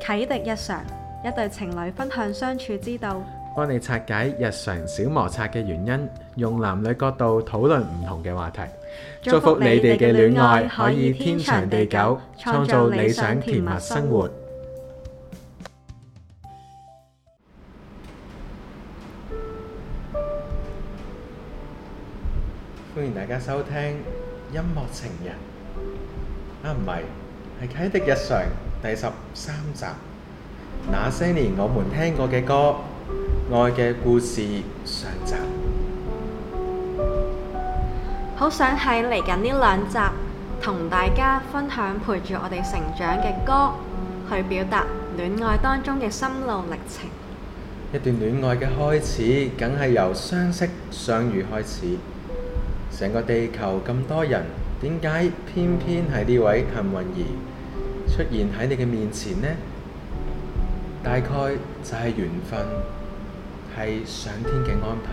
啟迪日常，一對情侶分享相處之道，幫你拆解日常小摩擦嘅原因，用男女角度討論唔同嘅話題，祝福你哋嘅戀愛可以天長地久，創造理想甜蜜生活。歡迎大家收聽音樂情人，啊，唔係，係啟迪日常。第十三集：那些年我們聽過嘅歌，愛嘅故事上集。好想喺嚟緊呢兩集，同大家分享陪住我哋成長嘅歌，去表達戀愛當中嘅心路歷程。一段戀愛嘅開始，梗係由相識相遇開始。成個地球咁多人，點解偏偏係呢位幸運兒？出現喺你嘅面前呢，大概就係緣分，係上天嘅安排。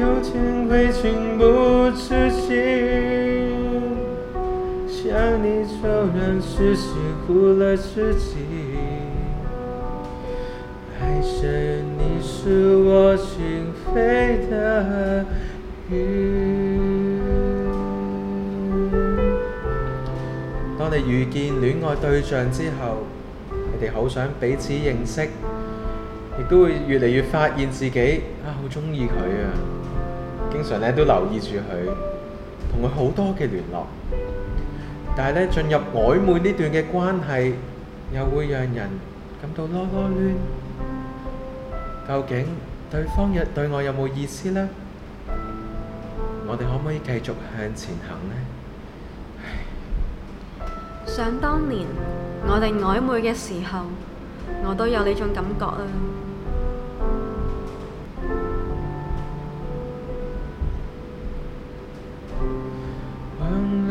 有天會情不自禁，想你超人窒息，苦了自己。愛上你是我情非得已。當你遇見戀愛對象之後，你哋好想彼此認識，亦都會越嚟越發現自己啊，好中意佢啊！經常咧都留意住佢，同佢好多嘅聯絡。但係咧進入曖昧呢段嘅關係，又會讓人感到囉囉攣。究竟對方有對，對我有冇意思呢？我哋可唔可以繼續向前行呢？想當年我哋曖昧嘅時候，我都有呢種感覺啊！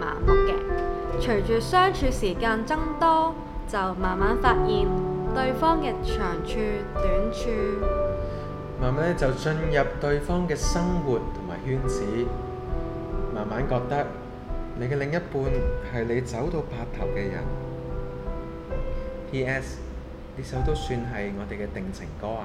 麻木嘅，隨住相處時間增多，就慢慢發現對方嘅長處、短處，慢慢咧就進入對方嘅生活同埋圈子，慢慢覺得你嘅另一半係你走到白頭嘅人。P.S. 呢首都算係我哋嘅定情歌啊！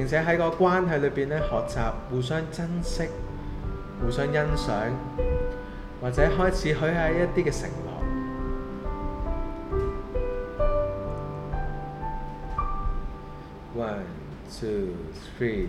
並且喺個關係裏邊呢，學習互相珍惜、互相欣賞，或者開始許下一啲嘅承諾。One, two, three.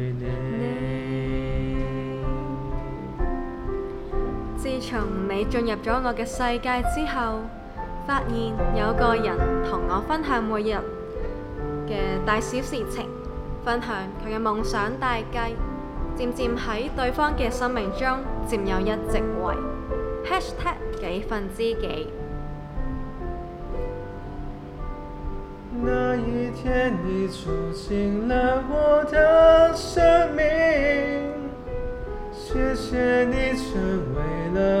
從你進入咗我嘅世界之後，發現有個人同我分享每日嘅大小事情，分享佢嘅夢想大計，漸漸喺對方嘅生命中佔有一席位。#hashtag# 幾分之幾。那一天你走進了我的生命，謝謝你成為了。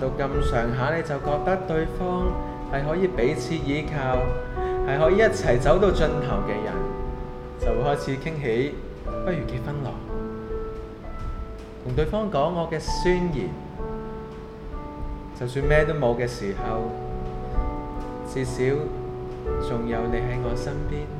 到咁上下，你就覺得對方係可以彼此依靠，係可以一齊走到盡頭嘅人，就會開始傾起，不如結婚咯。同對方講我嘅宣言，就算咩都冇嘅時候，至少仲有你喺我身邊。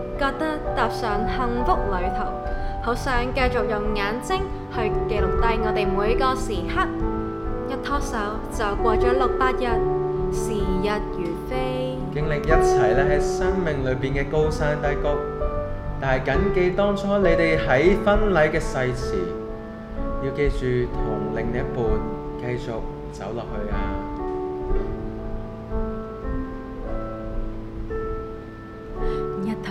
覺得踏上幸福旅途，好想繼續用眼睛去記錄低我哋每個時刻。一拖手就過咗六百日，時日如飛，經歷一齊咧喺生命裏邊嘅高山低谷，但係謹記當初你哋喺婚禮嘅誓詞，要記住同另一半繼續走落去啊！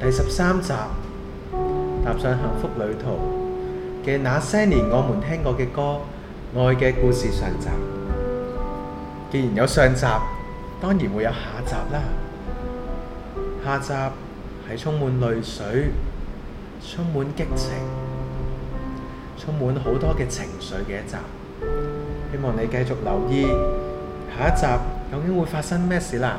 第十三集，踏上幸福旅途嘅那些年，我們聽過嘅歌，愛嘅故事上集。既然有上集，當然會有下集啦。下集係充滿淚水、充滿激情、充滿好多嘅情緒嘅一集。希望你繼續留意，下一集究竟會發生咩事啦？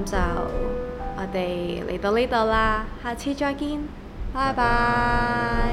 咁就我哋嚟到呢度啦，下次再見，拜拜。